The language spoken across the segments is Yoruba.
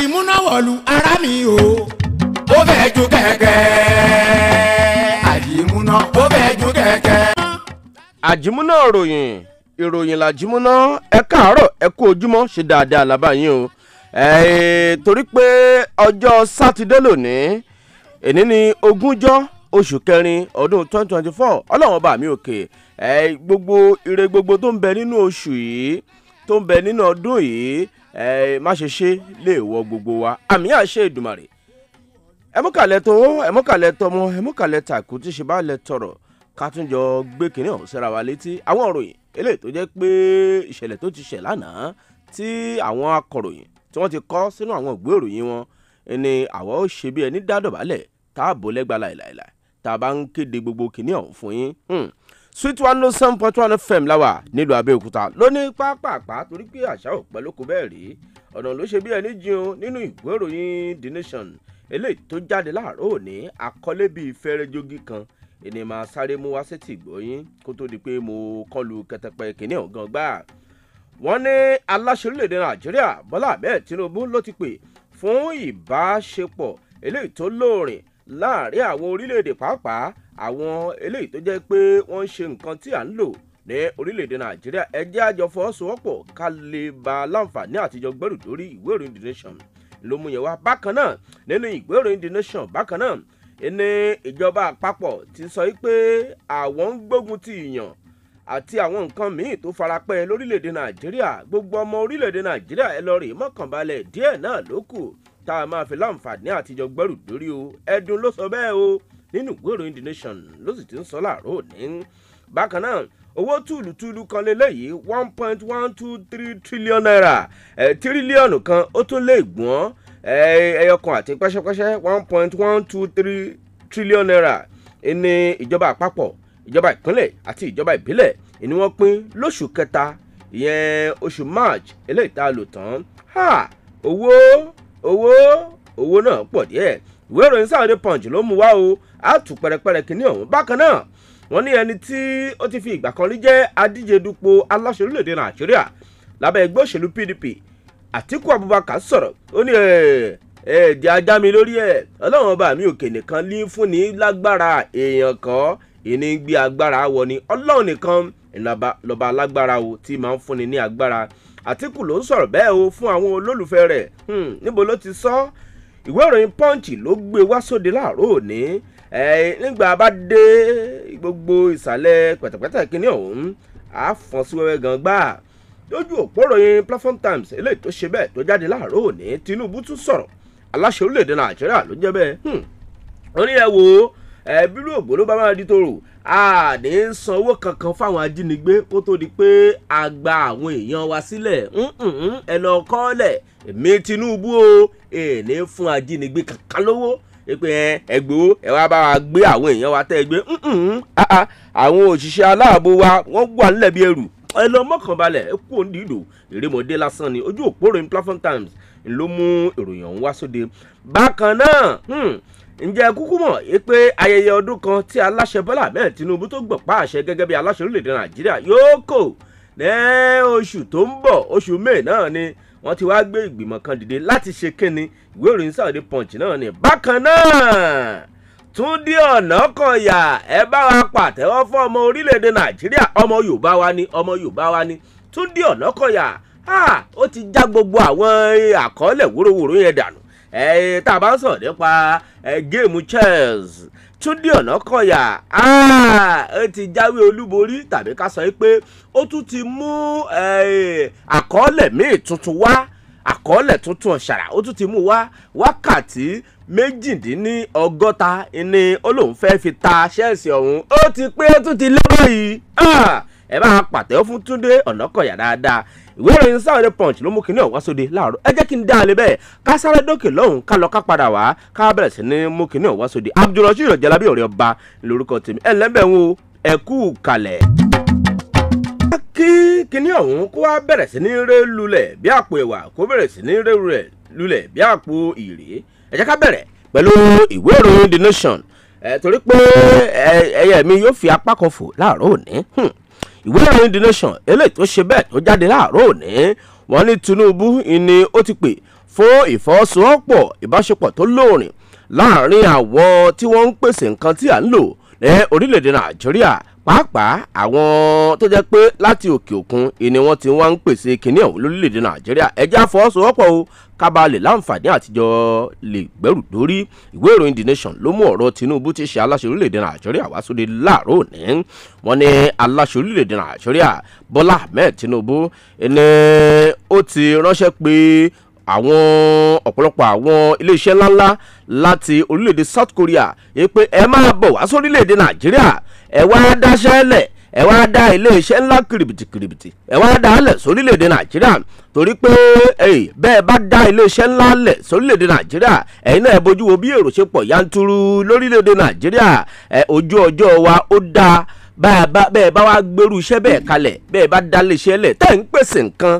ti múná wọ̀lú ara mi o. ó fẹ́ ju kẹ̀kẹ́ àjìmúná ó fẹ́ ju kẹ̀kẹ́. àjìmúná ròyìn ìròyìn làjìmúná ẹ káàárọ̀ ẹ kú ojúmọ́ ṣe dáadáa làbá yín o torí pé ọjọ́ sátidé lónìí èní ni ogúnjọ́ oṣù kẹrin ọdún twenty twenty four ọlọ́run bá mi òkè gbogbo ire gbogbo tó ń bẹ nínú oṣù yìí tó ń bẹ nínú ọdún yìí ẹ má ṣe ṣe lè wọ gbogbo wa àmì àṣẹ Èdùmàrè ẹmúkàlẹ̀ tó ẹmúkàlẹ̀ tọmọ ẹmúkàlẹ̀ tàkù tí ṣe bá lẹ tọrọ kátúnjọ gbé kínní ọ̀hún síra wa létí àwọn òròyìn eléyìí tó jẹ́ pé ìṣẹ̀lẹ̀ tó ti ṣẹ̀ lánàá tí àwọn akọ̀ròyìn tí wọ́n ti kọ sínú àwọn ìwé ìròyìn wọn ni àwa ó ṣe bí ẹni dádọ̀bálẹ̀ tá a bò lẹ́gba láìláìláì tá a bá ń kéde gbogbo kínní ọ̀hún fún yín hmm sweet one oh seven point one fm láwà nílùú abẹ́òkúta lóní pápápá torí pé àṣà ò pẹ́ lóko bẹ́ẹ̀ rí ọ̀nà ló ṣe bí ẹni jìn nínú ìwé ìròyìn the nation eléyìí tó jáde láàárọ̀ òní àkọlé bíi fẹ́rẹ́ jogi kan ènìyàn máa sáré mú wá sétí ìgbóyin kó tó di pé mo kọlu kẹtẹpẹ kìnìún ọ̀gán gbà wọ́n ní aláṣẹ orílẹ̀-èdè nàìjíríà bọ́lá ahmed tinubu ló ti pè fún ìbáṣepọ̀ eléyìí tó lóòrìn láàrin àwọn orílẹ̀-èdè pàápàá àwọn eléyìí tó jẹ́ pé wọ́n ń ṣe nǹkan tí à ń lò ní orílẹ̀-èdè nàìjíríà ẹjẹ́ àjọ fọwọ́sowọ́pọ̀ ká lè ba láǹfààní àtijọ́ gbẹ́rù lórí ìwé ìròyìn the nation ló mú yẹn wá bákan náà nínú ìwé ìròyìn the nation bákan náà ní ìjọba àpapọ̀ ti sọ pé àwọn ń gbógun ti ìyàn àti àwọn nǹkan míì tó farapẹ́ lórílẹ̀‐èdè nàìjíríà gbogbo ọmọ orílẹ̀‐èdè nàìjíríà ẹ lọ rèé mọ́kànbalẹ̀ díẹ̀ náà ló tá a máa fi láǹfààní àtijọ́ gbẹ́rù dórí o ẹ̀dùn ló sọ bẹ́ẹ̀ o nínú ìwé ìròyìn ló sì ti ń sọ láàárọ̀ òní. bákan náà owó tùlùtùlù kan lélẹ́yìí one point one two three trillion naira tírílíọ̀nù kan ó tún lé ìgbọ́n ẹyọkan àti pẹ́ṣẹ́pẹ́ṣẹ́ one point one two three trillion naira ní ìjọba àpapọ̀ ìjọba ìpínlẹ̀ àti ìjọba ìbílẹ̀ ni wọ́n pín lóṣù kẹta ìyẹn oṣù march eléyìí tá a lò tán owó owó owó náà pọ̀ díẹ̀ ìwé ìròyìn Saturday Punch ló mú wá o á tù pẹ̀rẹ̀pẹ̀rẹ̀ kìíní ọ̀hún bákan náà wọ́n ní ẹni tí ó ti fi ìgbà kan rí jẹ́ adíje dupò aláṣẹ orílẹ̀-èdè Nàìjíríà lábẹ́ ẹgbẹ́ òṣèlú PDP Àtíkù Abubakar sọ̀rọ̀ ó ní ẹ̀ẹ́dì ajá mi lórí ẹ̀ ọlọ́run ọba mi òkè nìkan ní fún ní lágbára èèyàn kan ìní gbé agbára wọ ni ọlọ́run nìkan ìlọba alágbára o tí máa ń fúnni ní agbára Àtíkù ló ń sọ̀rọ̀ bẹ́ẹ̀ o fún àwọn olólùfẹ́ rẹ̀ hmm, níbo ló ti sọ ìwé ìròyìn Punch ló gbé wá sóde láàárọ̀ òní nígbà bá dé gbogbo ìsàlẹ̀ pẹ̀tẹ̀pẹ̀tẹ̀ kínní ọ̀hún á fọ́n sí wẹ́wẹ́ gan gbà lójú òpó ìròyìn Platform Times eléyìí tó ṣe bẹ́ẹ̀ tó jáde láàárọ̀ òní Tinubu tún sọ̀rọ̀ aláṣẹ orílẹ̀-èdè Nàìjíríà ló jẹ́ bẹ́ẹ̀ wọ́n hmm, ní ẹ wo ẹ ògbó ló bá máa di tòrò a ní í san owó kankan fáwọn ajínigbé kó tó di pé a gba àwọn èèyàn wa sílẹ̀ ẹ lọ kọ́lẹ̀ èmi Tinubu o èmi fún ajínigbé kankan lówó pé ẹgbẹ́ ẹ wá bá wa gbé àwọn èèyàn wa tẹ́ ẹ gbé ah, ah, àwọn òṣìṣẹ́ aláàbò wa wọ́n wà nílẹ̀ bí ẹrù ẹ lọ mọ́kànbalẹ̀ ẹ kú òǹdí ìdò ìrémọdé lásán ni ojú òpó ròyìn Platform Times ló mú ìròyìn ọ̀hún wá sóde bákan náà hmm, ǹjẹ́ kúkú mọ̀ pé ayẹyẹ ọdún kan tí aláṣẹ Bọ́lá Ahmed Tinubu tó gbọ̀pá àṣẹ gẹ́gẹ́ bí aláṣẹ orílẹ̀-èdè Nàìjíríà yóò kò ní oṣù tó ń bọ̀ oṣù May náà ni wọ́n ti wá gbé ìgbìmọ̀ kan dìde láti ṣe kínni ìwé ìròyìn Saturday Punch náà ni bákan náà Túndé Ọ̀nàkọ̀yà ẹ bá wa pàtẹ́wọ́ fún ọmọ orílẹ̀-èdè Nàìjíríà ọmọ Yorùbá wa ni ọmọ Yorùbá wa ni Túndé Ọ̀nàkọ̀yà ó ti já gbogbo àwọn àkọọ́lẹ̀ wórówóró yẹn dànù tá a bá ń sọ̀rọ̀ nípa géèmù chess Túndé Ọ̀nàkọ̀yà ó ti jáwé olúborí tàbí ká sọ pé ó tún ti mú àkọọ́lẹ̀ míì tuntun wá àkọọ́lẹ̀ tuntun ọ̀ṣàrà ó tún ti mú wá wákàtí méjìdínlọ́gọ́ta ni ó lóun fẹ́ fi ta ṣẹ́ẹ̀sì ọ̀hún ó ti pé ó tún ti lé báyìí ah! ẹ bá pàtẹ́wọ́ fún Túndé Ọ̀nàkọ̀yà dáadáa ìwé ìròyìn Saturday Punch ló mú kinní ọ̀wá sóde láàárọ̀ ẹ jẹ́ kí n dá a lé bẹ́ẹ̀ ká sáré dókè lọ́hùn ká lọ ká padà wá ká bẹ̀rẹ̀ sí ní mú kinní ọ̀wá sóde Abdulrasheed Jalabi ọ̀rẹ́ ọba lórúkọ tèmi ẹ lẹ́bẹ̀ wo ẹ kú kalẹ̀ kí kinní ọ̀hún kó wá bẹ̀rẹ̀ sí ní ré lulẹ̀ bí àpò ẹ̀wà kó bẹ̀rẹ̀ sí ní ré lulẹ̀ bí àpò ìrè ẹ jẹ́ ká bẹ̀rẹ̀ pẹ̀lú ìwé ìròyìn The Nation ẹ̀ torí pé ẹ̀yẹ mi yóò fi apá kan fò láàárọ̀ òní hmm ìwé ìròyìn The Nation eléyìí tó ṣe bẹ́ẹ̀ tó jáde láàárọ̀ òní wọ́n ní Tinubu ni ó ti pè fún ìfọwọ́sowọ́pọ̀ ìbáṣepọ̀ tó lóòrìn láàrin àwọn tí wọ́n ń pèsè nǹkan tí à ń lò ní orílẹ̀-èdè Nàìjíríà pàápàá àwọn tó jẹ́ pé láti òkè òkun ni wọ́n ti wá ń pèsè kinní ọ̀hún lórílẹ̀‐èdè nàìjíríà ẹjẹ́ àfọwọ́sowọ́pọ̀ o kábàlẹ̀ láǹfààní àtijọ́ lè gbẹ́rù dórí ìwé ìròyìn the nation ló mú ọ̀rọ̀ tinubu ti ṣe aláṣẹ orílẹ̀ nàìjíríà wá sóde láàárọ̀ òní wọ́n ní aláṣẹ orílẹ̀ nàìjíríà bọ́lá ahmed tinubu ni ó ti ránṣẹ́ pé àwọn ọ̀pọ̀lọpọ̀ àwọn iléeṣẹ́ ńláńlá láti orílẹ̀‐èdè south korea yìí pé ẹ máa bọ̀ wá sórílẹ̀‐èdè nàìjíríà ẹ wá dáṣẹ́ lẹ̀ ẹ wá dá iléeṣẹ́ ńlá kìrìbìtì kìrìbìtì ẹ wá dá lẹ̀ sórílẹ̀‐èdè nàìjíríà torí pé bẹ́ẹ̀ bá dá iléeṣẹ́ ńlá lẹ̀ sórílẹ̀‐èdè nàìjíríà ẹ̀yin náà ẹ bójú wo bí èrò ṣe pọ̀ yanturu lórílẹ̀‐èdè nàìjíríà ojú ọjọ́ wa ó dáa bẹ́ẹ̀ bá wá gbèrú iṣẹ́ bẹ́ẹ̀ kalẹ̀ bẹ́ẹ̀ bá dá iléeṣẹ́ lẹ̀ tẹ́ ń pèsè nǹkan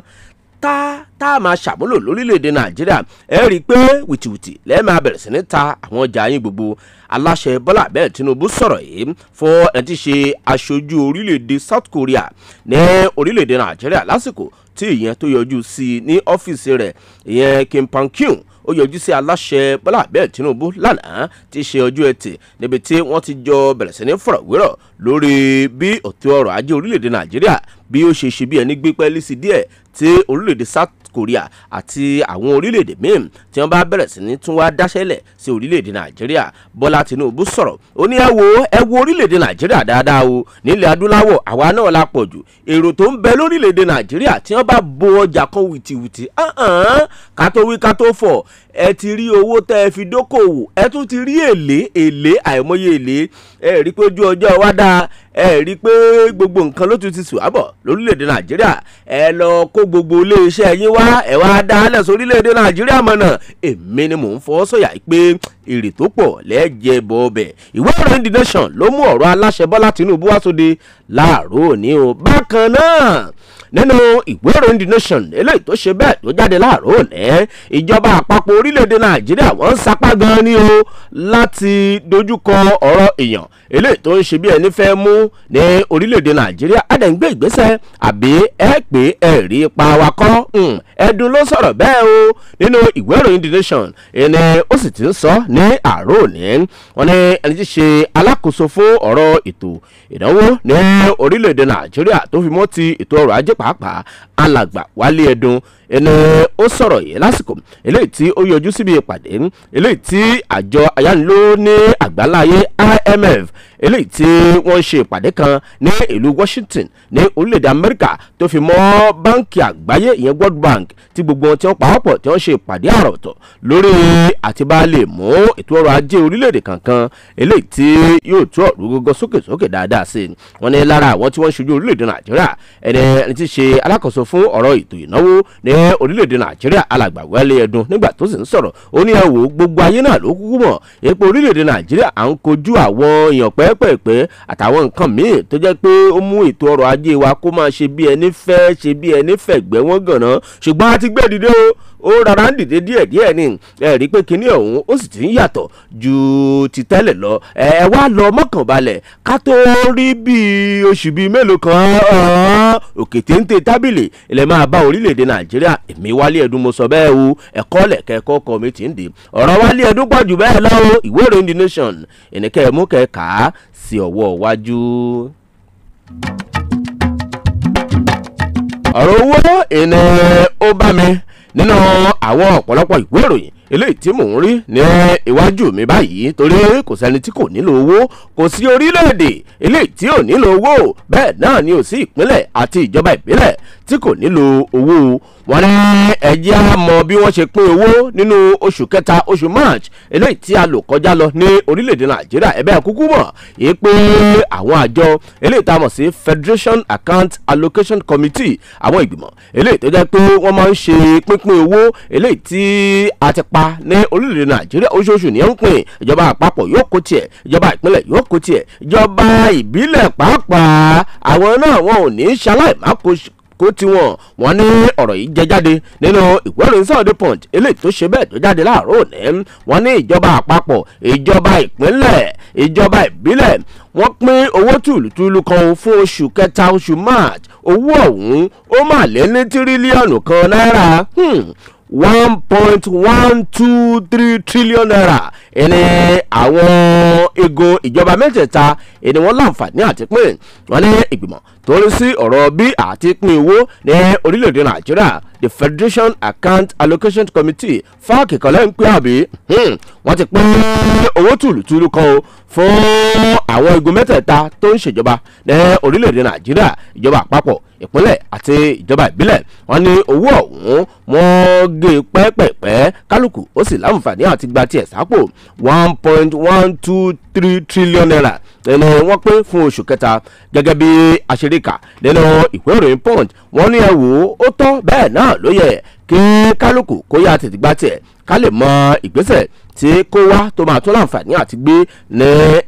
tá tá a máa ṣàmúlò lórílẹ̀‐èdè nàìjíríà ẹ rí i pé wìtìwìtì lẹ́ẹ̀ máa bẹ̀rẹ̀ sí ní ta àwọn ọjà yín gbogbo aláṣẹ bọ́lá abẹ́ẹ̀ tinubu sọ̀rọ̀ yìí fún ẹni tí í ṣe aṣojú orílẹ̀‐èdè south korea ní orílẹ̀‐èdè nàìjíríà lásìkò tí ìyẹn tó yọjú sí i ní ọ́fíìsì rẹ̀ ìyẹn kim pankyun ó yọjú sí aláṣẹ bọ́lá abẹ́ẹ̀ tinubu lánàá ti ṣe ọjọ́ ẹtì níbi tí wọ́n ti jọ bẹ̀rẹ̀ sí ní fọ̀rọ̀wérọ̀ lórí bí òtún ọrọ̀ ajé orílẹ̀-èdè nàìjíríà bí ó ṣe ṣe bí ẹni gbé pẹ́ẹ́lí sí díẹ̀ tí orílẹ̀-èdè south korea àti àwọn orílẹ̀-èdè míì tí wọ́n bá bẹ̀rẹ̀ sí ní tún wá dáṣẹ́lẹ̀ sí orílẹ̀-èdè nàìjíríà bọ́lá tinubu sọ̀rọ̀ ó ní ẹ wo ẹ wo orílẹ̀-èdè nàìjíríà dáadáa o nílẹ̀ adúláwọ̀ àwa náà la pọ̀ jù èrò tó ń bẹ lórílẹ̀-èdè nàìjíríà tí wọ́n bá bo ọjà kan wìtìwìtì ká tó wí ká fọ̀ ẹ ti rí owó tẹ́ ẹ fi dókòwò ẹ tún ti rí èlé èlé àìmọye èlé ẹ rí pé ojú ọjọ́ wa dáa ẹ rí pé gbogbo nǹkan ló tún ti sùn àbọ̀ lórílẹ̀‐èdè nàìjíríà ẹ lọ kó kó gbogbo iléeṣẹ́ yín wá ẹ̀ wá dálẹ̀ sórílẹ̀‐èdè nàìjíríà mọ̀nà èmi ni mò ń fọ́ sọ̀yà pé èrè tó pọ̀ lẹ́jẹ̀ bọ̀ ọbẹ̀ ìwé ìròyìn the nation ló mú ọ̀rọ̀ aláṣẹ bọ́lá tinubu wá sóde láàárọ̀ òní o bákan náà nínú ìwé ìròyìn the nation eléyìí tó ṣe bẹ́ẹ̀ tó jáde láàárọ̀ òní ìjọba àpapọ̀ orílẹ̀-èdè nàìjíríà wọ́n ń sapá gan ni o láti dojúkọ ọ̀rọ̀ èèyàn eléyìí tó ń ṣe bí ẹni fẹ́ mú ní orílẹ̀-èdè nàìjíríà á dẹ̀ ń gbé ìgbésẹ̀ àbí ẹ pé ẹ rí ipa wa kọ́ hmm, ẹ̀dùn ló sọ̀rọ̀ bẹ́ẹ̀ o nínú ìwé ìròyìn the nation ẹni ó sì ti ń sọ ní àárọ̀ òní wọn ni ẹni tí ṣe alákòóso fún ọ̀rọ̀ ètò ìdánwò ní orílẹ̀-èdè nàìjíríà tó fi mọ́ ti ètò ọrọ̀ ajé pàápàá alàgbà wálé ẹdun ẹni ó sọ̀rọ̀ yìí lásìkò eléyìí tí ó yọjú síbi ìpàdé eléyìí tí àjọ ayániló ní àgbáláyé IMF eléyìí tí wọ́n ń ṣe ìpàdé kan ní ìlú Washington ní orílẹ̀-èdè Amẹ́ríkà tó fi mọ́ báńkì àgbáyé ìyẹn World Bank tí gbogbo wọn ti ń pawọ́pọ̀ tí wọ́n ṣe ìpàdé àròtọ̀ lórí àtibá lè mú ètò ọrọ̀ ajé orílẹ̀-èdè kankan eléyìí tí yóò tú ọ̀rú gógó sókèsókè dáadáa sí i wọ́n ní lára àwọn tí wọ́n ń ṣojú orílẹ̀-èdè Nàìjíríà ẹni tí ṣe alákòóso fún ọ̀rọ̀ ètò ìnáwó ní orílẹ̀-èdè Nàìjíríà alàgbà Wálé Ẹdun nígbà tó sì ń sọ̀rọ̀ ó ní ẹ wò gbogbo ayé náà ló kúkú mọ̀ èpo pẹ̀pẹ̀pẹ̀ àtàwọn nǹkan míì tó jẹ́ pé ó mú ètò ọrọ̀ ajé wa kó máa ṣe bí ẹni fẹ́ ṣe bí ẹni fẹ̀gbẹ́ wọ́n gànná ṣùgbọ́n a ti gbé dìde o ó rárá ń dìde díẹ̀díẹ̀ ni ẹ rí pé kinní ọ̀hún ó sì ti ń yàtọ̀ ju ti tẹ́lẹ̀ lọ ẹ wá lọ mọ́kànbalẹ̀ ká tó rí bíi oṣù bíi mélòó kan òkè téńté tábìlì ilẹ̀ máa bá orílẹ̀-èdè nàìjíríà èmi wálé mo sọ bẹ́ẹ̀ o ẹ̀kọ́ mi ti ń ọ̀rọ̀ wálé nation mú sí ọwọ́ ọ̀rọ̀ owó nínú àwọn ọ̀pọ̀lọpọ̀ ìwé ìròyìn eléyìí tí mò ń rí ní iwájú mi báyìí torí kò sẹ́ni tí kò nílò owó kò sí orílẹ̀-èdè eléyìí tí ò nílò owó bẹ́ẹ̀ náà ni ò sí ìpínlẹ̀ àti ìjọba ìbílẹ̀ tí kò nílò owó wọn ní ẹjẹ́ á mọ bí wọ́n ṣe pín owó nínú oṣù kẹta oṣù march eléyìí tí a lò kọjá lọ ní orílẹ̀-èdè nàìjíríà ẹ̀bẹ́ kúkú mọ̀ yìí pé àwọn àjọ eléyìí tá a mọ̀ sí federation account allocation committee àwọn ìgbìmọ̀ eléyìí tó jẹ́ pé wọ́n máa ń ṣe pínpín owó eléyìí tí a ti pa pa ní orílẹ̀-èdè nàìjíríà oṣooṣù ní ń pín ìjọba àpapọ̀ yóò kó tiẹ̀ ìjọba ìpínlẹ̀ yóò kó tiẹ̀ ìjọba ìbílẹ̀ pàápàá àwọn náà wọn ò ní í ṣaláì má kó tiwọn wọn ní ọ̀rọ̀ yìí jẹ jáde nínú ìwé ìròyìn Sunday Punch eléyìí tó ṣe bẹ́ẹ̀ tó jáde láàárọ̀ òní wọn ní ìjọba àpapọ̀ ìjọba ìpínlẹ̀ ìjọba ìbílẹ̀ wọ́n pín owó tùlùtùlù kan fún oṣù kẹta oṣù March owó ọ̀hún ó mà lé ní tírílíọ̀nù kan náírà hmm. 1.123 trillion naira ẹni àwọn igun ìjọba mẹ́tẹ̀ẹ̀ta ẹni wọ́n láǹfààní àti pín wọn ní ìgbìmọ̀ tó ń sí ọ̀rọ̀ bí àti pín owó ní orílẹ̀-èdè nàìjíríà the federation account allocation committee fáàkì kan lẹ́yìn pé àbí hmm, wọ́n ti pín owó tùlùtùlù kan o fún àwọn igun mẹ́tẹ̀ẹ̀ta tó ń ṣèjọba ní orílẹ̀-èdè nàìjíríà ìjọba àpapọ̀ ìpínlẹ̀ àti ìjọba ìbílẹ̀ wọ́n ní owó ọ̀hún wọ́n gé pẹ́pẹ́pẹ́ kálukú ó sì láǹfààní àti gba tiẹ̀ sápò one point one two three trillion naira ẹnu wọ́n pín fún oṣù kẹta gẹ́gẹ́ bí àṣeríkà nínú ìwé ìròyìn punch wọ́n ní ẹ wò ó tọ́ bẹ́ẹ̀ náà ló yẹ kí kálukú kó yá tètè gbá tiẹ̀ ká lè mọ ìgbésẹ̀ tí kó wá tó máa tó láǹfààní àti gbé ní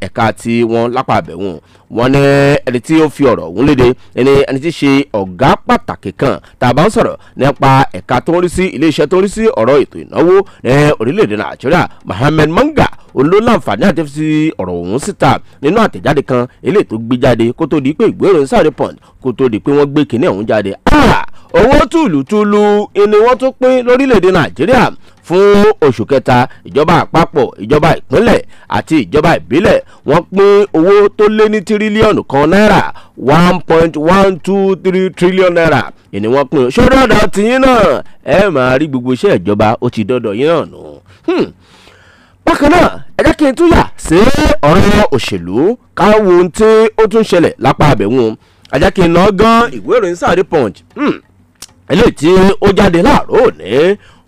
ẹ̀ka tí wọ́n lápá àbẹ̀wọ̀n wọn ní ẹni tí ó fi ọ̀rọ̀ ọ̀hún léde ẹni ẹni tí ṣe ọ̀gá pàtàkì kan tá a bá ń sọ̀rọ̀ nípa ẹ̀ka tó ń rí sí iléeṣẹ́ tó ń rí sí ọ̀rọ̀ ètò ìnáwó ní orílẹ̀-èdè nàìjíríà Mohammed Manga olólànfààní àti fi ọ̀rọ̀ ọ̀hún síta nínú àtẹ̀jáde kan eléyìí tó gbé jáde kó tó di pé ìgbéròyìn Saturday Punch kó tó di pé wọ́n gbé kinní ọ̀hún jáde. Ah! owó tùlùtùlù ni wọ́n tún pín lórílẹ̀‐èdè nàìjíríà fún oṣù kẹta ìjọba àpapọ̀ ìjọba ìpínlẹ̀ àti ìjọba ìbílẹ̀ wọ́n pín owó tó lé ní tírílíọ̀nù kan náírà one point one two three trillion naira ìní wọ́n pín ṣọ́dọ̀ ọ̀dọ̀ tìyín náà ẹ máa rí gbogbo iṣẹ́ ìjọba ó ti dọ́dọ̀ yín náà nù. Hmm. bákan náà ẹ jẹ́ kí n tún yà sí ọ̀rọ̀ òṣèlú káwọn ohun tí ó tún ṣẹlẹ̀ lápá abẹ́wọ̀n ẹ jẹ́ kí n lọ gan ìwé ìròyìn Saturday Hmm eléyìí tí ó jáde láàárọ̀ òní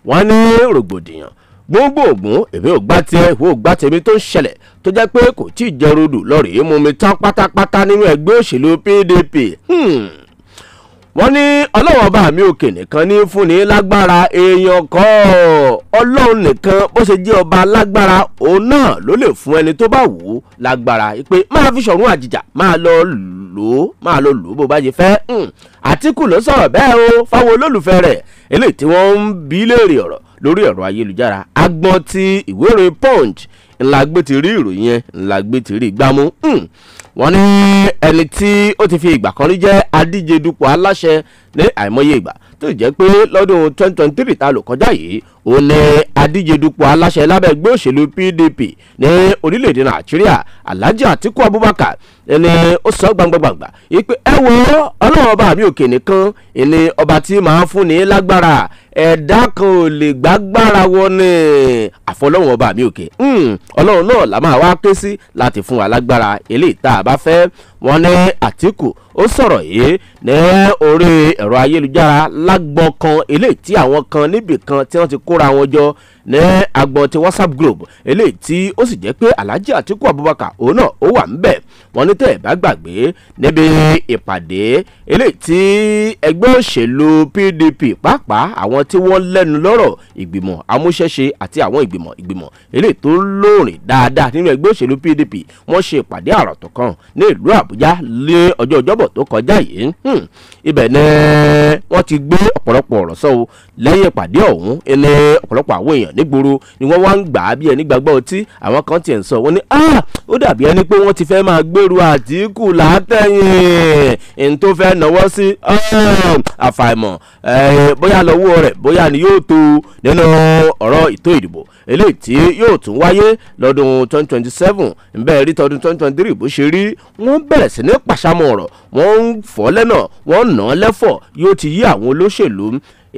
wọ́n ní rògbòdìyàn gbogbo ògùn èmi ò gbá tiẹ̀ ìwọ ò gbá tèmi tó ń ṣẹlẹ̀ tó jẹ́ pé kò tí ì jẹ́ rodò lọ́rẹ̀ẹ́ mú mi tán pátápátá nínú ẹgbẹ́ òṣèlú PDP. Hmm wọ́n ní ọlọ́wọ́n bá mi òkè nìkan ní fúnni lágbára èèyàn kọ́ ọlọ́run nìkan bó ṣe jẹ́ ọba lágbára òun náà ló lè fún ẹni tó bá wù ú lágbára pé máa fi ṣọ̀run àjìjà máa lọ lò ó máa lọ lò ó bó bá ṣe fẹ́ hmm. àtìkù ló sọ̀rọ̀ bẹ́ẹ̀ o fáwọn olólùfẹ́ rẹ̀ eléyìí tí wọ́n ń bi léèrè ọ̀rọ̀ lórí ẹ̀rọ ayélujára agbọ́n ti ìwé punch ńlá gbé ti rí ìròyìn yẹn ńlá gbé ti rí gbámú hmm. wọ́n ní ẹni tí ó ti fi ìgbà kan rí jẹ́ adíje dupò aláṣẹ ní àìmọye ìgbà tó jẹ́ pé lọ́dún 2023 ta ló kọjá yìí ó ní adíje dupò aláṣẹ lábẹ́ òṣèlú PDP ní orílẹ̀-èdè Nàìjíríà Alhaji Atiku Abubakar ẹni ó sọ gbangbangba ìpè ẹ wo ọlọ́run ọba mi òkè nìkan ẹni ọba tí màá fún ní lágbára ẹ̀dá kan ò lè gbágbára wọn ni àfọlọ́run ọba mi òkè hmm, ọlọ́run náà la máa wá ké sí láti fún wa lágbára eléyìí tá a bá fẹ́ wọn ní Àtíkù ó sọ̀rọ̀ yìí ní orí ẹ̀rọ ayélujára lágbọ́n kan eléyìí tí àwọn kan níbì kan tí wọ́n ti kó kóra wọn jọ ní agbọn ti whatsapp group eléyìí tí ó sì jẹ́ pé alhaji atiku abubakar òun náà ó wà ńbẹ̀ wọ́n ní tẹ́ ẹ̀ bá gbàgbé níbi ìpàdé eléyìí tí ẹgbẹ́ òṣèlú pdp pàápàá àwọn tí wọ́n lẹ́nu lọ́rọ̀ ìgbìmọ̀ amúṣẹ́ṣe àti àwọn ìgbìmọ̀ ìgbìmọ̀ eléyìí tó lóòrìn dáadáa nínú ẹgbẹ́ òṣèlú pdp wọ́n ṣe ìpàdé àròtọ̀ kan ní ìlú àbújá lé ọjọ́ ọjọ́bọ̀ tó kọjá yìí hmm. ibẹ̀ ni wọ́n ti gbé ọ̀pọ̀lọpọ̀ ọ̀rọ̀ sọ́wọ́ lẹ́yìn ìpàdé ọ̀hún ni ọ̀pọ̀lọpọ̀ àwọn èèyàn nígboro ni wọ́n wá ń gbà á bí ẹni gbàgbọ́ ọtí àwọn kan tiẹ̀ ń sọ wọ́n ní ah ó dàbí ẹni pé wọ́n ti fẹ́ máa gbèrú àtìkù látẹ̀yìn n tó fẹ́ náwó sí ah, àfàìmọ̀ eh, bóyá lọ́wọ́ rẹ̀ bóyá ni yóò tó nínú ọ̀rọ̀ ìtó ìdìbò eléyìí tí yóò tún wáyé lọ́dún 2027 ńbẹ́ rí tọdún 2023 bó ṣe rí wọ́n bẹ̀rẹ̀ sí ní pàṣámọ̀ ọ̀rọ̀ wọ́n ń fọ́ lẹ́nà wọ́n ń ná lẹ́fọ̀ yóò ti yí àwọn olóṣèlú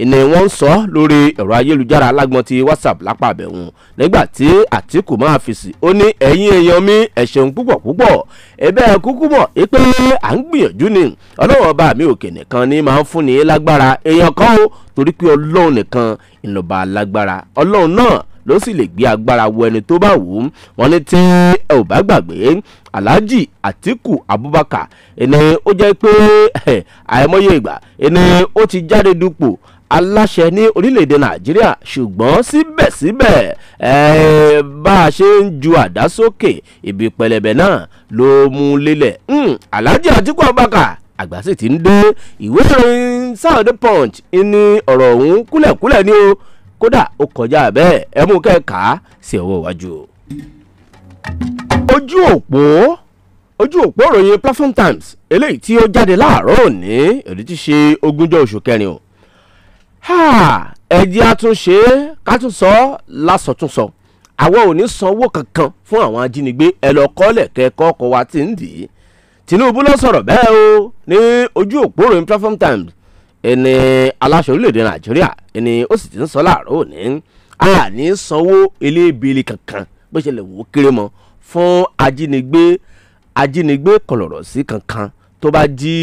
ni wọ́n ń sọ lórí ẹ̀rọ ayélujára alágbọ̀n ti whatsapp lápá àbẹ̀wọ̀n nígbà tí àtìkù máa fèsì ó ní ẹ̀yin èèyàn mi ẹ ṣeun púpọ̀ púpọ̀ ẹ̀bẹ̀ kúkú mọ̀ pé à ń gbìyànjú ni ọlọ́wọ́n bá mi òkè nìkan ni máa ń fúnni lágbára èèyàn kan ó torí pé ọlọ́run nìkan ìlọ́ba lágbára ọlọ́run náà ló sì lè gbé agbára wọ ẹni tó bá wù ú wọn ní tí ẹ ò bá gbàgbé alhaji atiku abubakar ẹni ó jẹ́ pé àìmọye ìgbà ẹni ó ti jáde dupò aláṣẹ ní orílẹ̀-èdè nàìjíríà ṣùgbọ́n síbẹ̀síbẹ̀ bá ṣe ń ju àdá sókè ibi pẹlẹbẹ náà ló mú hmm, alhaji atiku abaka àgbà sì ti ń dé ìwé ìròyìn Saturday punch ní ọ̀rọ̀ ọ̀hún kúlẹ̀kúlẹ̀ ni kódà ó kọjá bẹ́ẹ̀ ẹ mú sí ọwọ́ iwájú. ojú òpó ojú òpó platform times eléyìí ti ṣe ogúnjọ́ oṣù kẹrin o ẹ jẹ́ àtúnṣe ká tún sọ lásọtúnsọ àwọn ò ní sanwó kankan fún àwọn ajínigbé ẹ lọ kọ́lẹ̀ kẹ́kọ́ ọkọ̀ wa ti ń dì í Tinubu ló sọ̀rọ̀ bẹ́ẹ̀ o ní ojú òpó ròyìn Platform Times ẹni aláṣẹ orílẹ̀-èdè Nàìjíríà ẹni ó sì ti ń sọ láàárọ̀ òní a ní sanwó elébìlì kankan bó ṣe lè wò ó kéré mọ́ fún ajínigbé ajínigbé kọlọ̀rọ̀ sí kankan tó bá jí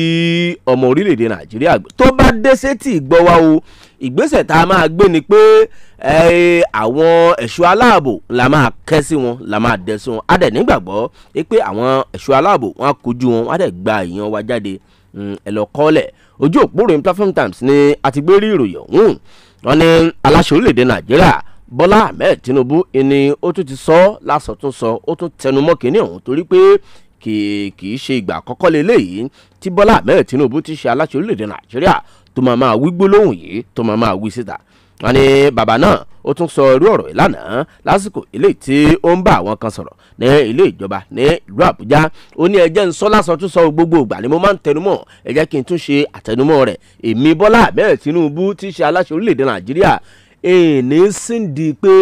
ọmọ orílẹ̀-èdè Nàìjíríà tó bá dé sétí ìgbọ́ wa o ìgbésẹ̀ tá a máa gbé ni pé àwọn ẹ̀ṣọ́ aláàbò la máa kẹ́ sí wọn la máa dẹ sí wọn a dẹ̀ nígbàgbọ́ pé àwọn ẹ̀ṣọ́ aláàbò wọn á kojú wọn á dẹ̀ gba èèyàn wa jáde hmm, ẹ lọ kọ́lẹ̀ ojú òpó ròyìn platform times ni a ti gbé rí ìròyìn ọ̀hún wọn ní aláṣẹ orílẹ̀-èdè nàìjíríà bọ́lá ahmed tinubu ni ó tún ti sọ lásán tún sọ ó tún tẹnumọ́ kínní ọ̀hún torí pé kì í ṣe ìgbà àkọ́kọ́ lélẹ́yìí tí bọ́lá ahmed tinubu ti ṣe aláṣẹ orílẹ̀-èdè nàìjíríà tó máa máa wí gbólóhùn yìí tó máa máa wí síta wọn ni bàbá náà ó tún sọ irú ọ̀rọ̀ yìí lánàá lásìkò eléyìí tí ó ń bá àwọn kan sọ̀rọ̀ ní ilé ìjọba ní ìlú àbújá ó ní ẹjẹ́ ń sọ lásán tún sọ gbogbo ìgbà ni mo máa ń tẹnumọ́ ẹjẹ́ kí n tún ṣe àtẹnumọ́ rẹ̀ èmi bọ́lá abẹ́rẹ́ tinubu ti í ṣe aláṣẹ orílẹ̀-èdè nàìjíríà èèní síndìí pé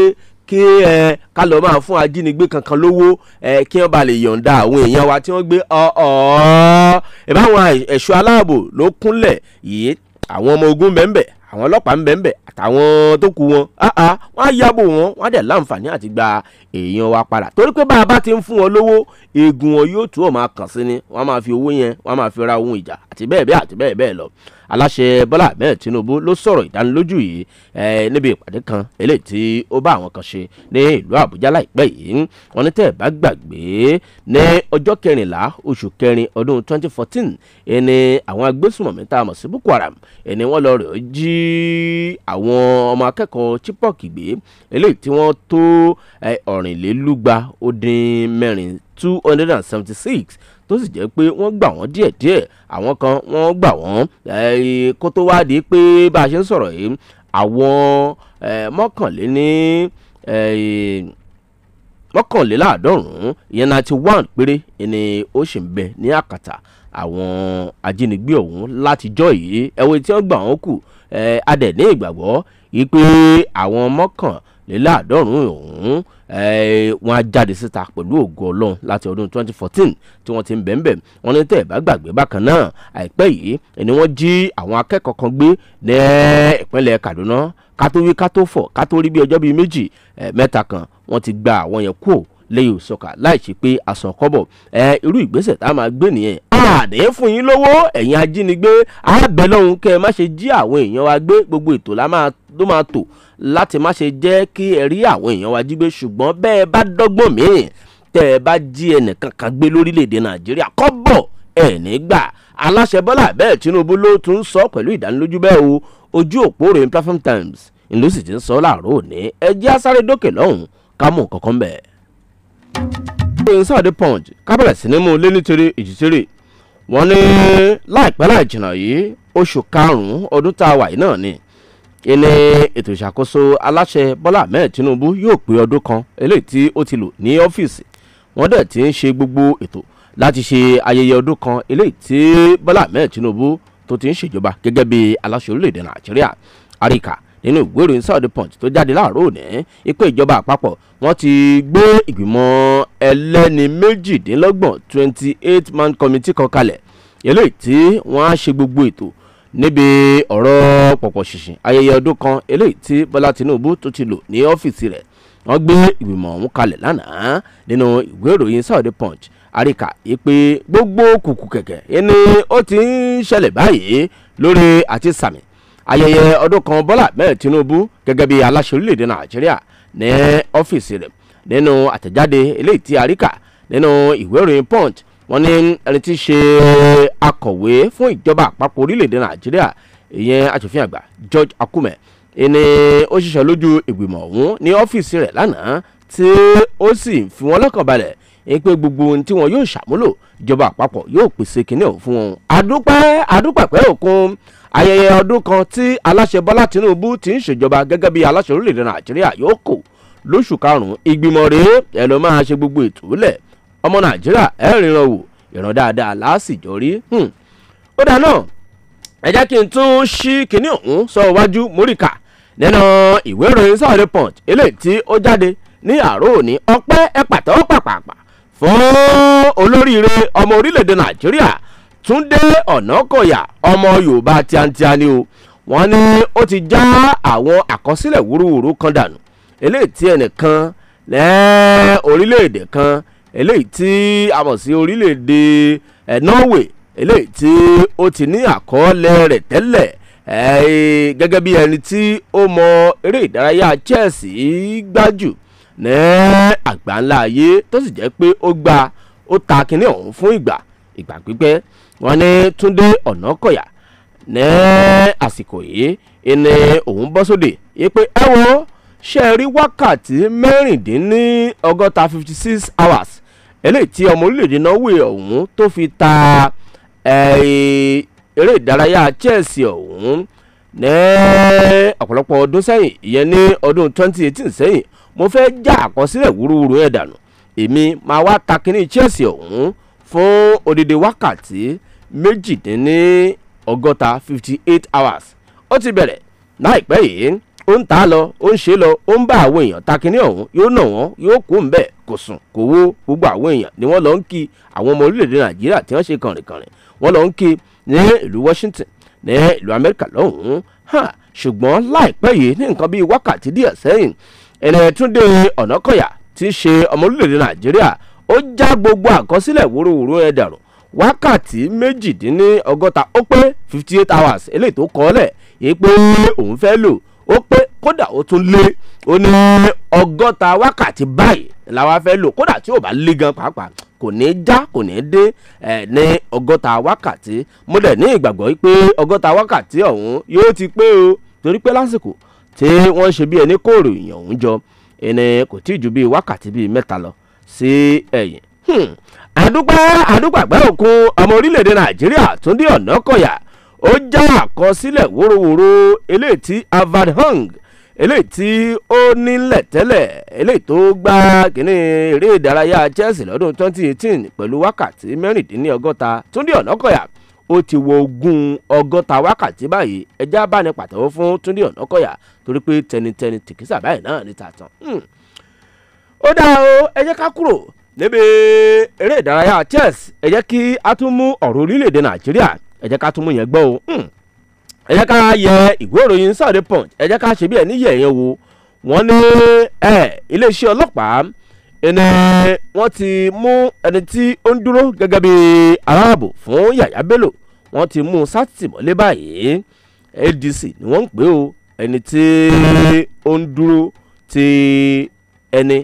kí ẹ ká lọ máa fún ajínigbé kankan lówó ẹ kí wọn bá lè yọ̀ǹda àwọn èèyàn wa tí wọ́n gbé ọ̀ọ́ ẹ̀ báwọn ẹ̀ṣọ́ aláàbò ló kúnlẹ̀ yìí àwọn ọmọ ogun bẹ́ẹ̀nbẹ́ àwọn ọlọ́pàá bẹ́ẹ̀nbẹ́ àtàwọn tó kù wọn wọ́n á yábò wọn wọ́n á dẹ̀ láǹfààní àti gba èèyàn wa padà torí pé bá a bá ti ń fún wọn lówó eegun wọn yóò tún ọ̀ máa kàn sí ni wọ́n máa fi owó yẹn wọ́n máa fi ra ohun ìjà àti bẹ́ẹ̀ bẹ́ẹ̀ àti bẹ́ẹ̀ bẹ́ẹ̀ lọ aláṣẹ bọ́lá ahmed tinubu ló sọ̀rọ̀ ìdánilójú yìí níbi ìpàdé kan eléyìí tí ó bá àwọn kan ṣe ní ìlú àbújá láìpẹ́ yìí wọn ní tẹ́ ẹ̀ bá gbàgbé ní ọjọ́ kẹrìnlá oṣù kẹrin ọdún 2014 ẹni àwọn agbésùmọ̀mí tá a mọ̀ sí boko haram ẹni wọ́n lọ rẹ̀ jí àwọn ọmọ akẹ́kọ̀ọ́ chibok gbé eléyìí tí wọ́n tó ọ̀rìnlélúgba ó dín mẹ́rin two hundred and seventy six tó sì jẹ́ pé wọ́n gbà wọ́n díẹ̀díẹ̀ àwọn kan wọ́n gbà wọ́n kó tó wá di pé bá a ṣe ń sọ̀rọ̀ yìí àwọn mọ́kànléní mọ́kànléláàádọ́rùn-ún ìyẹn ninety one péré ni ó sì ń bẹ ní àkàtà àwọn ajínigbé ọ̀hún látijọ́ yìí ẹ̀wọ̀n tí wọ́n gbà wọ́n kù adẹ̀ ní ìgbàgbọ́ yìí pé àwọn mọ́kànléláàádọ́rùn-ún léláàádọ́rùn-ún ọ̀hún eh, wọ́n á jáde síta pẹ̀lú ògo ọlọ́run láti ọdún 2014 tí wọ́n ti ń bẹ̀ẹ̀bẹ̀ wọ́n ní tẹ́ ẹ̀ bá gbàgbé bákan náà àìpẹ́ yìí ni wọ́n jí àwọn akẹ́kọ̀ọ́ kan gbé ní ìpínlẹ̀ Kaduna kátó wí kátó fọ̀ kátó rí bí ọjọ́ bíi méjì eh, mẹ́ta kan wọ́n ti gba àwọn yẹn kúò lẹ́yìn òsọ̀kà láì ṣe pé àsọ̀kọ́bọ̀ eh, irú ìgbésẹ̀ tá a máa gbé nìyẹn àdé fún yín lówó ẹ̀yin ajínigbé àbẹ̀ lọ́hùn kẹ́ ẹ má ṣe jí àwọn èèyàn wa gbé gbogbo ètò ló máa tò láti má ṣe jẹ́ kí ẹ rí àwọn èèyàn wa jí gbé ṣùgbọ́n bẹ́ẹ̀ bá dọ́gbọ́n míì tẹ́ ẹ bá jí ẹnìkan kan gbé lórílẹ̀‐èdè nàìjíríà kọ́ bọ̀ ẹ̀ nígbà aláṣẹ bọ́lá bẹ́ẹ̀ tinubu ló tún sọ pẹ̀lú ìdánilójú bẹ́ẹ̀ o ojú òpó ròyìn platform times ìlú sì ti ń sọ láàárọ̀ òní ẹ jẹ́ asáré dókè lọ́hùn ká mú nǹkan kan bẹ́ẹ̀. ìròyìn sáà dé punch ká bẹ̀rẹ̀ sí ní mú un lé nítorí ìjì wọ́n ní láìpẹ́ láì jìnnà yìí oṣù karùn-ún ọdún tá a wà yìí náà ni ilé ètò ìṣàkóso aláṣẹ bọ́lá ahmed tinubu yóò pé ọdún kan eléyìí tí ó ti lò ní ọ́fíìsì wọ́n dẹ̀ ti ń ṣe gbogbo ètò láti ṣe ayẹyẹ ọdún kan eléyìí tí bọ́lá ahmed tinubu tó ti ń ṣèjọba gẹ́gẹ́ bí aláṣẹ orílẹ̀-èdè nàìjíríà àríkà nínú ìwé ìròyìn Sunday Punch tó jáde láàárọ̀ òní ipò ìjọba àpapọ̀ wọ́n ti gbé ìgbìmọ̀ ẹlẹ́ni méjìdínlọ́gbọ̀n twenty eight man committee kan kalẹ̀ eléyìí tí wọ́n á ṣe gbogbo ètò níbi ọ̀rọ̀ pọ̀pọ̀ ṣìnṣìn ayẹyẹ ọdún kan eléyìí tí Bọ́lá Tinubu tó ti lò ní ọ́fíìsì rẹ̀ wọ́n gbé ìgbìmọ̀ ọ̀hún kalẹ̀ lánàá nínú ìwé ìròyìn Saudi Punch àríkà yìí pé gbogbo kùkù kẹ̀kẹ́ ẹni ó ti ń ṣẹlẹ̀ báyìí lórí àti sàmì ayẹyẹ ọdún kan Bọ́lá mẹ́rin Tinubu gẹ́gẹ́ bí aláṣẹ orílẹ̀-èdè Nàìjíríà ní ọ́fíìsì rẹ̀ nínú àtẹ̀jáde eléyìí tí àríkà nínú ìwé ìròyìn punch wọ́n ní ẹni tí í ṣe akọ̀wé fún ìjọba àpapọ̀ orílẹ̀-èdè nàìjíríà ìyẹn aṣòfin àgbà george akume ẹni ó ṣiṣẹ́ lójú ìgbìmọ̀ ọ̀hún ní ọ́fíìsì rẹ̀ lánàá tí ó sì fi wọ́n lọ́kàn balẹ̀ ẹ pé gbogbo ohun tí wọn yóò ṣàmúlò ìjọba àpapọ̀ yóò pèsè kínní ọ̀hún fún wọn. àdúpẹ́ àdúpàpẹ́ òkun ayẹyẹ ọdún kan tí aláṣẹ bọ́lá tinubu ti ń ṣèjọba gẹ́gẹ́ bí aláṣẹ orílẹ̀-èdè nàìjíríà yóò kò lóṣù karùn-ún ìgbìmọ̀ rèé ẹ ló máa ṣe gbogbo ètò lẹ̀ ọmọ nàìjíríà ẹ ríran wò ìran dáadáa láàsìjọ rí hmm. ó dáa náà ẹ jẹ́ kí n tún ṣí kinní ọ̀hún sọ iwájú móríkà nínú ìwé ìròyìn Saturday Punch eléyìí tí ó jáde ní àárọ̀ òní ọpẹ́ ẹ pàtẹ́wọ́ pàpàpà fún olóríire ọmọ orílẹ̀-èdè nàìjíríà túndé ọ̀nàkọ̀yà ọmọ yorùbá tíátíá o wọ́n ní ó ti já àwọn àkọsílẹ̀ wúruwúru kan dànù eléyìí tí ẹnìkan orílẹ̀-èdè kan eléyìí tí a mọ̀ sí orílẹ̀-èdè Norway eléyìí tí ó ti ní àkọọ́lẹ̀ rẹ̀ tẹ́lẹ̀ gẹ́gẹ́ bí ẹni tí ó mọ eré ìdárayá chess gbájú ní àgbáńlá ayé tó sì jẹ́ pé ó gba ó ta kinní ọ̀hún fún ìgbà ìgbà pípẹ́ wọ́n ní Túndé Ọ̀nàkọ̀yà ní àsìkò yìí ni òun bọ́ sóde yìí pé ẹ wo ṣe rí wákàtí mẹ́rìndínlọ́gọ́ta fifty six hours eléyìí tí ọmọ orílẹ̀-èdè norway ọ̀hún tó fi ta eré ìdárayá chelsea ọ̀hún ní ọ̀pọ̀lọpọ̀ ọdún sẹ́yìn ìyẹn ní ọdún twenty eighteen sẹ́yìn mo fẹ́ já àkọsílẹ̀ wúrúwúrú ẹ̀ dànù èmi máa wá ta kíní chelsea ọ̀hún fún odidi wákàtí méjìdínlọ́gọ́ta fifty eight hours ó ti bẹ̀rẹ̀ láìpẹ́ yìí ó ń ta lọ ó ń ṣe lọ ó ń bá àwọn èèyàn takiní ọ̀hún yóò nà wọ́n yóò kó ń bẹ̀ kò sùn kò wó gbogbo àwọn èèyàn ni wọ́n lọ ń kí àwọn ọmọ orílẹ̀-èdè nàìjíríà tí wọ́n ṣe kànrìnkànrìn wọ́n lọ ń kí ní ìlú washington ní ìlú amẹ́ríkà lọ́hùn-ún ṣùgbọ́n láìpẹ́ yìí ní nǹkan bíi wákàtí díẹ̀ sẹ́yìn ẹ̀rẹ̀túndé ọ̀nàkọ̀yà ti ṣe ọmọ orílẹ̀-èdè nàìjíríà ó já gbogbo àkọsílẹ̀ wúrúwúrú ẹ̀ dàrú wákàtí méjìdínlọ́gọ́ta ó pé fifty eight hours eléyìí tó kọ́ ọ́ lẹ̀ yìí pé òun fẹ́ lò ó pé kódà ó tún lé ó ní ọgọ́ta wákàtí báyìí làwa fẹ́ lò kódà tí ò bá lé gan pàápàá kò ní já kò ní dé ẹ ní ọgọ́ta wákàtí mo dẹ̀ ní ìgbàgbọ́ pé ọgọ́ta wákàtí ọ̀hún yóò ti pé o torí pé lásìkò tí wọ́n ṣe bí ẹni kó ròyìn ọ̀hún jọ ẹni kò tí ì ju bíi wákàtí bíi mẹ́ta lọ sí ẹ̀yìn. àdúpẹ́ hmm. àdúpàgbẹ́ òkun ọmọ orílẹ̀-èdè nàìjíríà Túndé Ọ̀nàkọ̀yà ó já àkọsílẹ̀ wóróworó eléyìí tí avad hong eléyìí tí ó nílẹ̀ tẹ́lẹ̀ eléyìí tó gbá kínní eré ìdárayá Chelsea lọ́dún 2018 pẹ̀lú wákàtí mẹ́rìndínlọ́gọ́ta Túndé Ọ̀nàkọ̀yà ó ti wo ogún ọgọ́ta wákàtí báyìí ẹjẹ́ abáni fún Ọ̀nàkọ̀yà torí pé tẹnitẹni tìkísà báyìí náà hmm. o ká kúrò níbi eré ìdárayá Chelsea kí a tún mú ẹ jẹ́ ká tún mú yẹn gbọ́ o hmm. ẹ ká yẹ ìwé ìròyìn Sunday Punch ẹ jẹ́ ká ṣe bí ẹ̀ níyẹ̀ yẹn wo wọ́n ní iléeṣẹ́ ọlọ́pàá ẹni wọ́n ti mú ẹni tí ó ń dúró gẹ́gẹ́ bí aláàbò fún Yàyà Bello wọ́n ti mú sátìmọ́lé báyìí ADC ni wọ́n ń pè ó ẹni tí ó ń dúró ti ẹni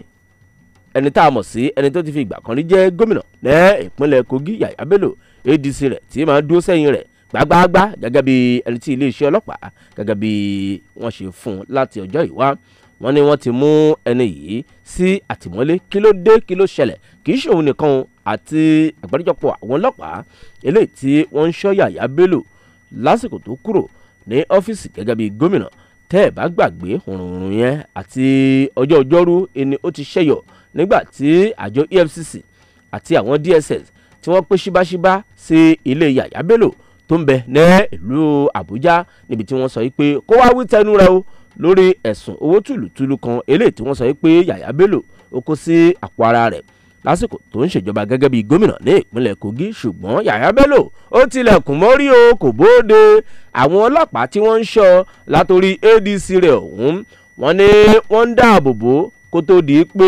ẹni tá a mọ̀ sí ẹni tó ti fi ìgbà kan rí jẹ́ gómìnà ní ìpínlẹ̀ Kogi Yàyà Bello adc rẹ̀ tí máa dúró sẹ́yìn rẹ̀ gbágbáágbá gẹ́gẹ́ bí ẹni tí iléeṣẹ́ ọlọ́pàá gẹ́gẹ́ bí wọ́n ṣe fún un láti ọjọ́ ìwá wọ́n ní wọ́n ti mú ẹni yìí sí àtìmọ́lé kí ló dé kí ló ṣẹlẹ̀ kì í ṣòun nìkan àti àgbáríjọpọ̀ àwọn ọlọ́pàá eléyìí tí wọ́n ń ṣọ́ yàyà bello lásìkò tó kúrò ní ọ́fíìsì gẹ́gẹ́ bí gómìnà tẹ́ ẹ̀ bá gbàgbé hùrùhùrù yẹn àti ọjọ́ ọjọ́rú ni ó ti ṣẹ̀yọ̀ nígbà tí àjọ EFCC àti àwọn DSS tí wọ́n pé ṣíbáṣíbá sí ilé Yàyà Bello tó ń bẹ ní ìlú Àbújá níbi tí wọ́n sọ pé kó wá wí tẹnu rẹ̀ o lórí ẹ̀sùn owó tùlùtùlù kan eléyìí tí wọ́n sọ pé Yàyà Bello ó kó sí àpò ara rẹ̀ lásìkò tó ń ṣèjọba gẹ́gẹ́ bíi gómìnà ní ìpínlẹ̀ Kogi ṣùgbọ́n Yàyà Bello ó tilẹ̀kùn mọ́rí o kò bóde àwọn ọlọ́pàá tí wọ́n ń ṣọ́ látòrí ADC rẹ̀ ọ̀hún wọ́n ní wọ́n ń dáàbò kó tó di pé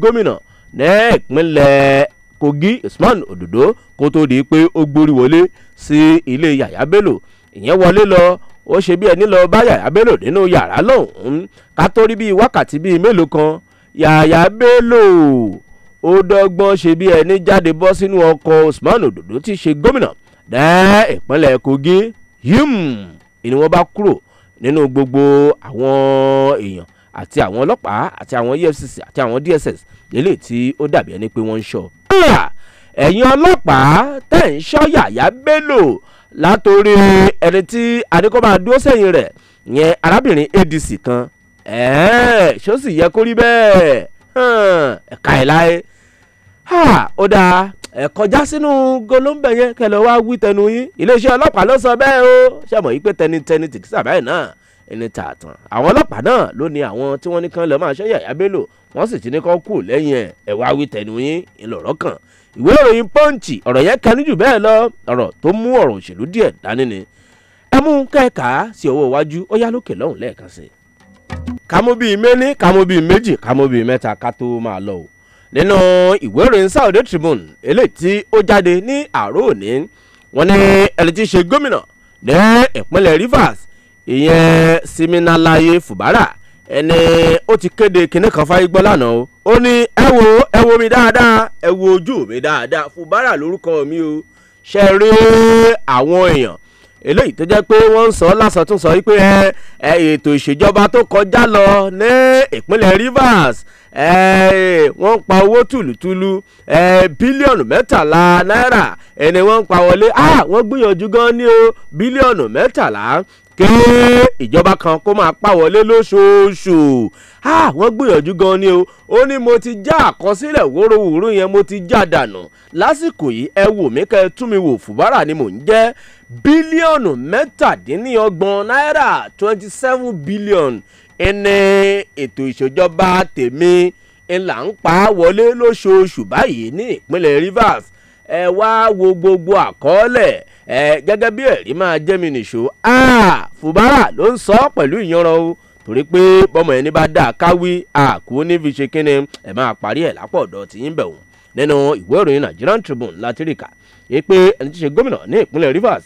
gómìnà ní ìpínlẹ̀ kogi usman ododo kó tó di pé ó gbórí wọlé sí ilé yàyà bello ìyẹn wọlé lọ ó ṣe bí ẹni lọ bá yàyà bello nínú yàrá lọ́hùn-ún ká tó rí bíi wákàtí bíi mélòó kan yàyà bello ó dọ́gbọ́n ṣe bí ẹni jáde bọ́ sínú ọkọ̀ usman ododo ti ṣe gómìnà dẹ́ ìpínlẹ̀ kogi yim ni wọ́n bá kúrò nínú gbogbo àwọn èèyàn àti àwọn ọlọ́pàá àti àwọn efcc àti àwọn dss eléyìí tí ó dàbí ẹni pé wọ́n ń ṣọ́ àdúrà ẹ̀yin ọlọ́pàá tẹ̀ ń ṣọ́ yàyà bello látòrí ẹni tí adékọ́mà dúró sẹ́yìn rẹ̀ yẹn arábìnrin adc kan ṣó sì yẹ kó rí bẹ́ẹ̀ ẹ̀ka ẹ̀ láyé ó dáa ẹ kọjá sínú golombẹ yẹn kẹlẹ wá wí tẹnu yín iléeṣẹ́ ọlọ́pàá ló sọ bẹ́ẹ̀ o ṣàmọ yìí pé tẹnitẹni tìkísà báyìí náà ẹni tààtàn àwọn ọlọ́pàá náà ló ní àwọn tí wọ́n ní kán lọ máa ṣọ́ Yàyà wọ́n sì ti ní kọ́ kù lẹ́yìn ẹ̀ ẹ̀ wá wí tẹ̀nu yín ńlọ̀rọ̀ kan ìwé ìròyìn pọ́ǹchì ọ̀rọ̀ yẹn kẹnu jù bẹ́ẹ̀ lọ ọ̀rọ̀ tó mú ọ̀rọ̀ òṣèlú díẹ̀ dání ni ẹ mú kẹ́ẹ̀ka sí ọwọ́ iwájú ó yá lókè lọ́hùn lẹ́ẹ̀kan sí i. kámú bíi méní kámú bíi méjì kámú bíi mẹ́ta ká tó máa lọ o nínú ìwé ìròyìn Saudi Tribune eléyìí tí ó jáde ní àárọ̀ òní wọ́n ní ẹni tí í ṣe gómìnà ní ìpínlẹ̀ Rivers ìyẹn Siminalaye Fubara ẹni ó ti kéde kinní kan fáyé gbọ́ lánàá o ó ní ẹ wo ẹ wo mi dáadáa ẹ wo ojú mi dáadáa fúbárà lórúkọ mi o ṣe rí àwọn èèyàn eléyìí tó jẹ́ pé wọ́n ń sọ lásán tún sọ wípé ẹ ètò ìṣèjọba tó kọjá lọ ní ìpínlẹ̀ Rivers wọ́n ń pa owó tùlùtùlù bílíọ̀nù mẹ́tàlá náírà ẹni wọ́n ń pa wọlé ah, wọ́n gbìyànjú gan ni o bílíọ̀nù mẹ́tàlá ké ìjọba kan kó máa pàwọlé lóṣooṣù wọ́n gbìyànjú gan ni o ó ní mo ti já àkọsílẹ̀ wóróworó yẹn mo ti já dànù lásìkò yìí ẹ wò mí kẹ́ ẹ tún mi wò fùbárà ni mò ń jẹ́ bílíọ̀nù mẹ́tàdínníọgbọ̀n náírà twenty seven billion ẹni ètò ìṣèjọba tèmi ńlá ń pa wọlé lóṣooṣù báyìí ní ìpínlẹ̀ Rivers ẹ wá wo gbogbo àkọọ́lẹ̀ ẹ gẹ́gẹ́ bí ẹ̀rí máa jẹ́ mi nìṣó. Ah! fubara ló ń sọ pẹ̀lú ìyanran o torí pé bọ́mọ ẹni bá dà káwí àkú ní fi ṣe kínni ẹ̀ máa parí ẹ̀ lápọ̀ ọ̀dọ̀ tí ń bẹ̀ wọ̀n nínú ìwé ìròyìn Nigerian Tribune láti rí kà é pé ẹni tí ṣe gómìnà ní ìpínlẹ̀ Rivers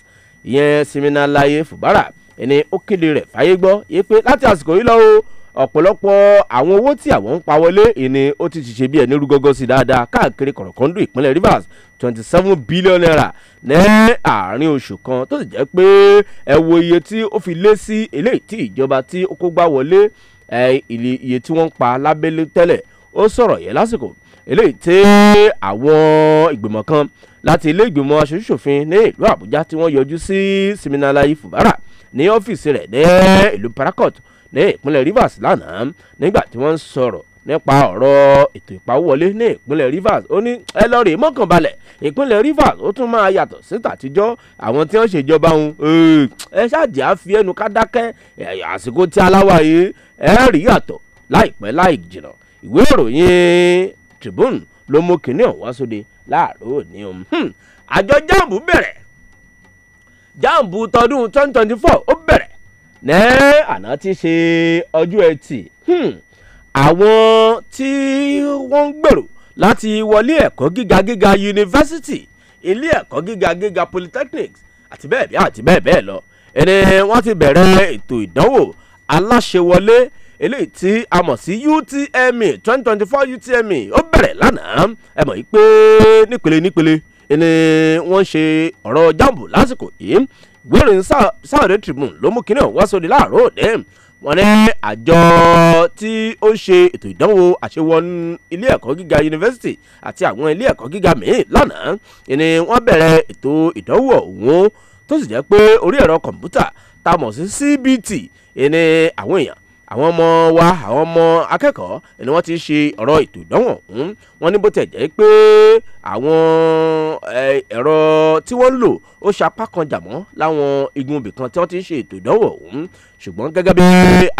ìyẹn Siminalaye Fubara ẹni ó kéde rẹ̀ fáyé gbọ́ é pé láti àsìkò yìí lọ́wọ́ ọ̀pọ̀lọpọ̀ àwọn owó tí àwọn ń pa wọlé ìní ó ti ṣiṣẹ́ bí ẹni rú gọ́gọ́ sí dáadáa káàkiri kọ̀rọ̀kọ́ndù ìpínlẹ̀ Rivers twenty seven billion naira ní àárín oṣù kan tó sì jẹ́ pé ẹ wo iye tí ó fi lé sí eléyìí tí ìjọba tí ó kó gbá wọlé iye tí wọ́n ń pa lábẹ́lé tẹ́lẹ̀ ó sọ̀rọ̀ yẹn lásìkò eléyìí tí àwọn ìgbìmọ̀ kan láti ilé ìgbìmọ̀ aṣojúṣòfin ní ìlú Àbújá tí wọ́n yọjú sí Siminalayi Fubara ní ọ́fíìsì rẹ̀ ní ìlú Paracourt ní ìpínlẹ̀ Rivers lánàá nígbà tí wọ́n ń sọ̀rọ̀ nípa ọ̀rọ̀ ètò ìpawówọlé ní ìpínlẹ̀ Rivers ó ní ẹ lọ rè mọ́kànbalẹ̀ ìpínlẹ̀ Rivers ó tún máa yàtọ̀ sí tàtijọ́ àwọn tí wọ́n ṣèjọba òun ẹ ṣáàjì á fi ẹnu ká dákẹ́ àsìkò tí aláwa yìí ẹ rí yàtọ̀ láìpẹ́ láì jìnnà ìwé ìròyìn Tribune ló mú kinní ọ̀wá sóde láàárọ̀ òní o hmm, àjọ JAMB bẹ̀rẹ̀ JAMB tọdún twenty twenty four ó bẹ̀rẹ̀ ní àná ti ṣe ọjọ́ ẹtì hmm. àwọn tí wọ́n ń gbèrò láti wọlé ẹ̀kọ́ gíga gíga yunifásitì ilé ẹ̀kọ́ gíga gíga polytechnics àti bẹ́ẹ̀ bẹ́ẹ̀ àti bẹ́ẹ̀ bẹ́ẹ̀ lọ ẹni wọ́n ti bẹ̀rẹ̀ ètò ìdánwò aláṣẹwọlé eléyìí tí a mọ̀ sí utme twenty twenty four utme ó bẹ̀rẹ̀ lánàá ẹ mọ̀ yìí pé nípele nípele ni wọ́n ṣe ọ̀rọ̀ jambu lásìkò yìí gbórin Saturday Tribune ló mú kíní ọ̀hún wá sóde láàárọ̀ òde wọn ní àjọ tí ó ṣe ètò ìdánwò àṣewọ́n ilé ẹ̀kọ́ gíga yunifásitì àti àwọn ilé ẹ̀kọ́ gíga míì lánàá ni wọ́n bẹ̀rẹ̀ ètò ìdánwò ọ̀hún tó sì jẹ́ pé orí ẹ̀rọ kọ̀ǹpútà tá a mọ̀ sí CBT ni àwọn èèyàn àwọn ọmọ wa àwọn ọmọ akẹ́kọ̀ọ́ ni wọ́n ti ń ṣe ọ̀rọ̀ ètò ìdánwò ọ̀hún wọ́n ní bó tẹ̀ jẹ́ pé àwọn ẹ̀rọ tí wọ́n ń lò ó ṣapá kan jàmọ́ láwọn igun ibì kan tí wọ́n ti ń ṣe ètò ìdánwò ọ̀hún ṣùgbọ́n gẹ́gẹ́ bí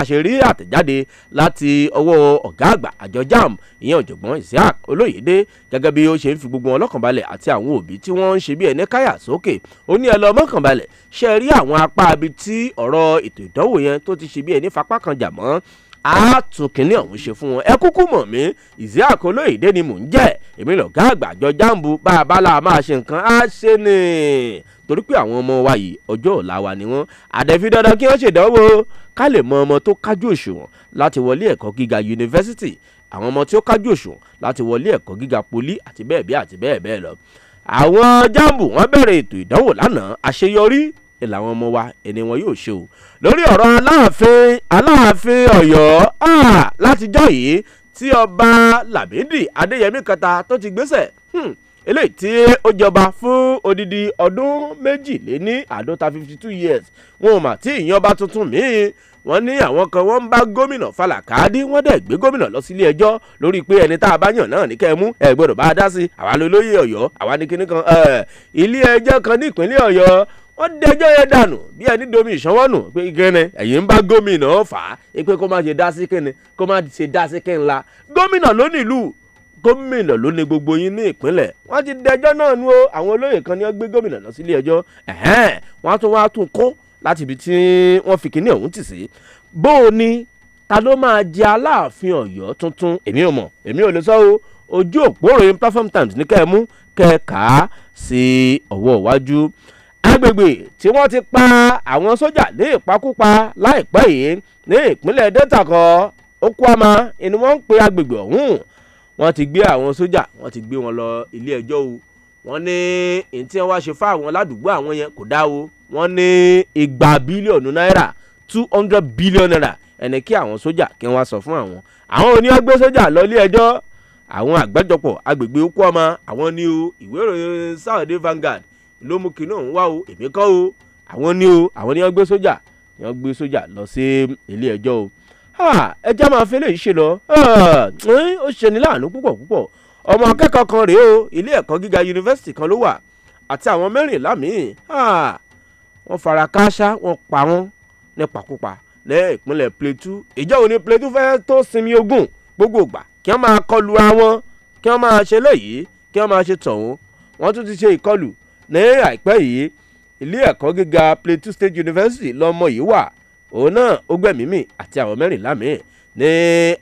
a ṣe rí àtẹ̀jáde láti ọwọ́ ọ̀gá àgbà àjọ JAMB ìyẹn ọ̀jọ̀gbọ́n Isiaq Olóyèdé gẹ́gẹ́ bí ó ṣe ń fi gbogbo wọn lọ́kànbalẹ̀ àti àwọn òbí tí wọ́n ń ṣe bí ẹni káyà sókè ó ní ẹ lọ mọ́kànbalẹ̀ ṣe rí àwọn apá ibi tí ọ̀rọ̀ ètò ìdánwò yẹn tó ti ṣe bí ẹni fapá kan jàmọ́ àmọ́ àtún kínní ọ̀hún ṣe fún wọn ẹ kúkú mọ̀ mí ìsí àkóló ìdè ni mò ń jẹ́ èmi lọ̀gá àgbà àjọ jambu bá a bá la máa ṣe nǹkan á ṣe ni torí pé àwọn ọmọ wa yìí ọjọ́ ọ̀la wa ni wọ́n àdẹ̀fi dandan kí wọ́n ṣèdánwò ká lè mọ ọmọ tó kájú òṣùwọ̀n láti wọlé ẹ̀kọ́ gíga yunifásitì àwọn ọmọ tí ó kájú òṣùwọ̀n láti wọlé ẹ̀kọ́ gíga poli àti bẹ́ẹ̀ bẹ́ẹ̀ àti bẹ́ẹ̀ bẹ́ẹ̀ lọ àwọn jambu wọ́n bẹ̀rẹ̀ ètò ìdánwò lánàá àṣeyọrí làwọn ọmọ wa ẹni wọn yóò ṣe o lórí ọ̀rọ̀ aláàfin aláàfin ọ̀yọ́ látijọ́ yìí tí ọba Lámídì Adéyẹmí kẹta tó ti gbéṣẹ̀ hmm, eléyìí tí ó jọba fún odidi ọdún méjìléní àádọ́ta fifty two years wọn ò mà tí ìyànba tuntun míì wọ́n ní àwọn kan wọ́n ń bá gómìnà Falakadi wọ́n dẹ̀ gbé gómìnà lọ sílé ẹjọ́ lórí pé ẹni tá a bá yàn náà ní kẹ́ ẹ mú ẹ gbọ́dọ̀ bá a dá sí àwa ló lóye àwa ní kinní kan ilé ẹjọ́ kan ní ìpínlẹ̀ Ọ̀yọ́ wọ́n dẹjọ́ yẹn dànù bí ẹni domi ìṣọwọ́nù pé gẹ́nẹ́ ẹ̀yìn ń bá gómìnà fà á pé kó má ṣe dá sí kíni kó má ṣe dá sí kíni la gómìnà ló ní ìlú gómìnà ló ní gbogbo yín ní ìpínlẹ̀ wọ́n ti dẹjọ́ náà nu o àwọn olóyè kan ni wọ́n gbé gómìnà lọ sílé ẹjọ́ ẹ̀hẹ́n wọ́n á tún wọ́n á tún kó láti ibi tí wọ́n fi kíní ọ̀hún tì sí bó o ní ta ló máa jẹ aláàfin Ọ̀yọ́ tuntun èmi ò mọ̀ èmi ò lè sọ o ojú òpó òròyìn platform times ní kẹ́ ẹ mú kẹ́ ẹ kà á sí ọwọ́ iwájú lágbègbè tí wọ́n ti pa àwọn sójà ní ìpakúpa láìpẹ́ yìí ní ìpínlẹ̀ delta kan okwama ni wọ́n ń pe agbègbè ọ̀hún wọ́n ti gbé àwọn sójà wọ́n ti gbé wọn lọ ilé ẹjọ́ o wọ́n ní ìyẹn tí wọ́n wá ṣe fáwọn ládùúgbò àwọn yẹn kò dá o wọ́n ní igba bílíọ̀nù náírà two hundred billion naira ẹni kí àwọn sójà kí wọ́n sọ fún àwọn àwọn ò ní wọ́n gbé sójà lọ ilé ẹjọ́ àwọn àgbájọpọ̀ agbègbè okwama àwọn ní o ìwé ìròyìn Saturday Vanguard ló mú kinní ọ̀hún wá o èmi kọ́ o àwọn ni o àwọn ni wọ́n gbé sójà ni wọ́n gbé sójà lọ sí ilé ẹjọ́ o ẹjẹ́ máa fi lè ṣe lọ ó ṣe ní láàánú púpọ̀ púpọ̀ ọmọ akẹ́kọ̀ọ́ kan rèé o ilé ẹ̀kọ́ gíga yunifásitì kan ló wà àti àwọn mẹ́rìnlá míì wọ́n fara kááṣá wọ́n pa wọ́n nípakúpa lẹ́ ìpínlẹ̀ Plateau ìjọ òní Plateau fẹ́ tó sinmi ogun gbogbo ìgbà kí wọ́n máa kọlu àwọn kí wọ́n máa ṣe léyìí kí wọ́n máa ṣe tọ̀hún wọ́n tún ti ṣe ìkọlù ní àìpẹ́ yìí ilé ẹ̀kọ́ gíga plateau state university lọ́mọ yìí wà òun náà ó gbẹ̀mí mì àti àwọn mẹ́rìnlá míì ní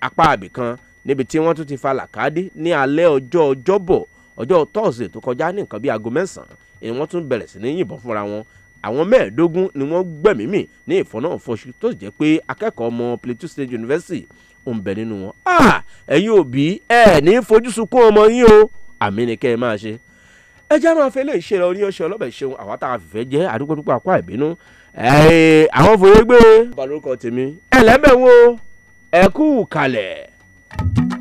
apá àbìkan níbi tí wọ́n tún ti fa làkàdé ní alẹ́ ọjọ́ ọjọ́bọ̀ ọjọ́ tọ́sídẹ̀ẹ́ tó kọjá ní nǹkan bíi aago mẹ́sàn-án ni wọ́n tún bẹ̀rẹ̀ sí ní yìnbọn fúnra wọn àwọn mẹ́ẹ̀ẹ́dógún ni wọ́n gbẹ̀mí mì ní ìfọ́nàfọ́ṣù tó jẹ́ pé akẹ́kọ̀ọ́ ọmọ plateau state university ń bẹ nínú wọn. Ah! ẹ̀yin òbí ẹ̀ ní fojú sunkún ọmọ yín o àmì ni kẹ́ ẹ máa ṣe ẹ jẹ́ àwọn afẹ́lẹ́ ìṣẹ̀lẹ̀ orí ọṣẹ ọlọ́bẹ̀ ṣeun àwa tá a fẹ́ jẹ́ àdúgbò dúpọ̀ àkọ́ àìbínú àwọn fòye gbé balùwẹ̀ kọ́ tèmi ẹ̀lẹ́mẹ̀ ẹ̀kú kalẹ̀.